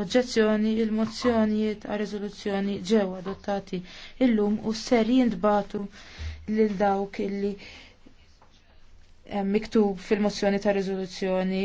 oġġezzjoni il-mozzjonijiet għal rezoluzzjoni ġew adottati illum u ser jintbatu lil dawk illi eh, miktub fil-mozzjoni ta' riżoluzzjoni.